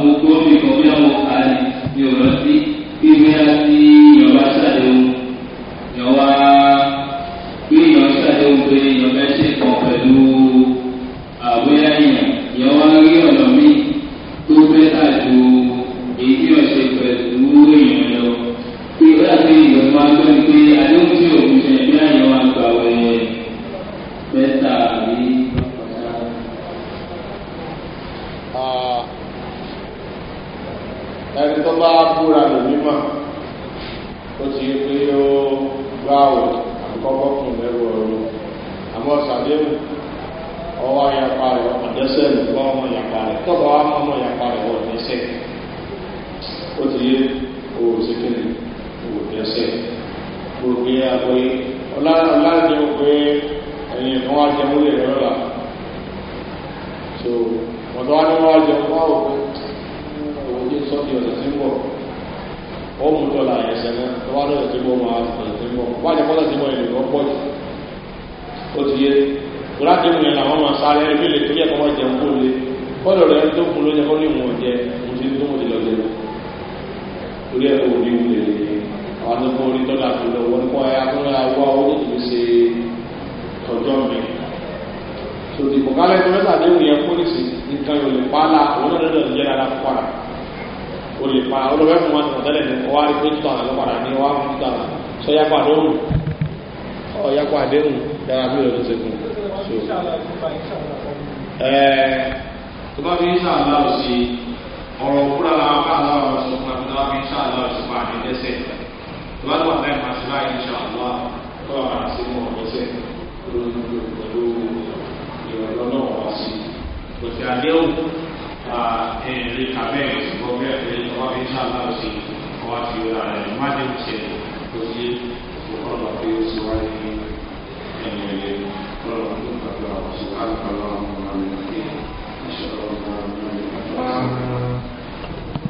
gbogbo nǹkan bí àwọn àlè ní ọ̀rọ̀ sí bí bí a ti yàn bá ṣàdéhùn yàn wá bí yàn ṣàdéhùn pé yàn bẹ́ ṣe kàn pẹ̀lú àbóyá yàn yàn wá rí ọ̀nà míì. ẹni tó bá búra lò mímọ̀ ó ti yẹ pé ó gbá ò àkọ́kọ́ fún lẹ́rù ọ̀rọ̀ àmọ́ sàdéhùn ọwọ́ ayapa rẹ̀ ọmọ dẹ́sẹ̀ lùgbọ́ ọmọ ìyapa rẹ̀ tọ́gbà wá mọ́ ọmọ ìyapa rẹ̀ wọ̀ dẹ́sẹ̀ ó ti yẹ owó síkìlì owó dẹ́sẹ̀ gbogbo yẹ àgbẹ̀ ọlọ́run pé ẹ̀yìn kan wá jẹun lè rọ́lá so wọ́n tó wá ní wọ́n wá jẹun wọ́n bọ̀ ó mú tọ́lá ẹ̀ṣẹ̀ náà tó wá lọ́dọ̀ tí mo máa tọ̀lá tí mo wá ní kọ́lá tí mo yẹ lọ́ pọ̀ jù ó ti yé kúrá tí mo yẹ làwọn máa sáré ẹbí lè torí ẹ̀kọ́ wọn jẹun kó lé kọ́lọ̀ rẹ̀ tó kún ló yẹ kó ní ìwọ̀n jẹ mo ti tó mo ti lọ jẹ torí ẹ̀kọ́ òbí wù lè àwọn tó kún orí tọ́lá tó lọ wọ́n kọ́ ẹ akúnlẹ̀ awọ́ ó ní kì í ṣe o lè pa olùfẹ́ fún wa tẹ̀wọ̀n tẹ́lẹ̀ ní wá rí pé títàn àlọ́ padà ní wá fún títàn sọ yapa lóhùn ọ yapa àdéhùn dára bí olóòtú ṣe kù. ẹ̀ẹ́ eh, tó bá fi ń ṣàlá ò sí ọ̀rọ̀ òkúra làwọn bá àlọ́ ọ̀rọ̀ sọ fún àbúrò wọn fi ń ṣàlá ò sí pa àmì lẹ́sẹ̀ tó bá lọ́wọ́ láì máa ṣe láì ń ṣàlọ́ tó wà á sí mọ̀ lẹ́sẹ̀ pẹ̀lú ìrọ̀lọ́ náà wá sí. kò àdéhùn ẹ̀ẹ́dẹ́ka insha Allah ó ṣe ọwọ́ àti ìrora rẹ̀ má dé ìṣẹ̀lẹ̀ tó yé ọ̀pọ̀lọpọ̀ pé ó ṣe wáyé nínú.